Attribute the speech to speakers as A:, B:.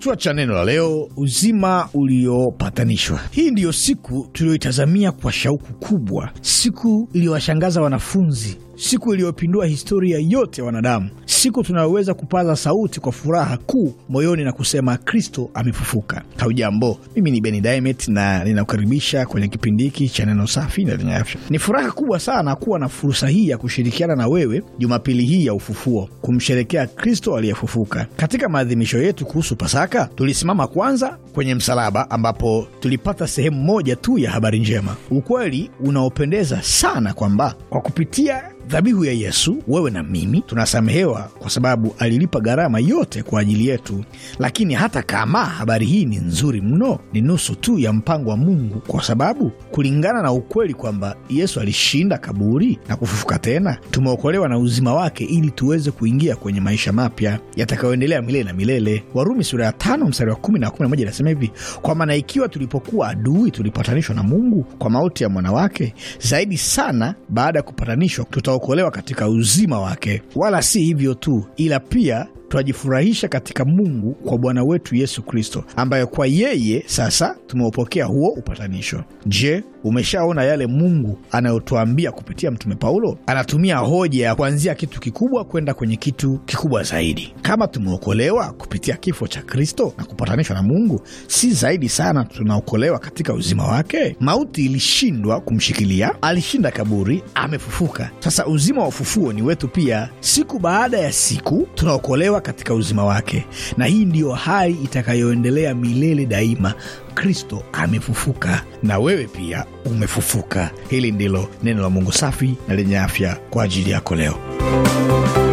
A: Kichwa cha neno la leo, uzima uliopatanishwa. Hii ndiyo siku tuliyoitazamia kwa shauku kubwa, siku iliyowashangaza wanafunzi siku iliyopindua historia yote ya wanadamu, siku tunayoweza kupaza sauti kwa furaha kuu moyoni na kusema Kristo amefufuka. Haujambo, mimi ni Beni Dimet na ninakukaribisha kwenye kipindi hiki cha neno safi na lenye afya. Ni furaha kubwa sana kuwa na fursa hii ya kushirikiana na wewe jumapili hii ya ufufuo, kumsherekea Kristo aliyefufuka. Katika maadhimisho yetu kuhusu Pasaka, tulisimama kwanza kwenye msalaba, ambapo tulipata sehemu moja tu ya habari njema, ukweli unaopendeza sana kwamba kwa kupitia dhabihu ya Yesu, wewe na mimi tunasamehewa kwa sababu alilipa gharama yote kwa ajili yetu. Lakini hata kama habari hii ni nzuri mno, ni nusu tu ya mpango wa Mungu, kwa sababu kulingana na ukweli kwamba Yesu alishinda kaburi na kufufuka tena, tumeokolewa na uzima wake ili tuweze kuingia kwenye maisha mapya yatakayoendelea milele na milele. Warumi sura ya tano mstari wa kumi na kumi na moja inasema hivi: kwa maana ikiwa tulipokuwa adui tulipatanishwa na Mungu kwa mauti ya mwana wake, zaidi sana baada ya kupatanishwa kuolewa katika uzima wake. Wala si hivyo tu, ila pia twajifurahisha katika Mungu kwa Bwana wetu Yesu Kristo, ambaye kwa yeye sasa tumeupokea huo upatanisho. Je, umeshaona yale Mungu anayotuambia kupitia Mtume Paulo? Anatumia hoja ya kuanzia kitu kikubwa kwenda kwenye kitu kikubwa zaidi. Kama tumeokolewa kupitia kifo cha Kristo na kupatanishwa na Mungu, si zaidi sana tunaokolewa katika uzima wake? Mauti ilishindwa kumshikilia, alishinda kaburi, amefufuka. Sasa uzima wa ufufuo ni wetu pia. Siku baada ya siku tunaokolewa katika uzima wake, na hii ndiyo hali itakayoendelea milele daima. Kristo amefufuka na wewe pia umefufuka. Hili ndilo neno la Mungu safi na lenye afya kwa ajili yako leo.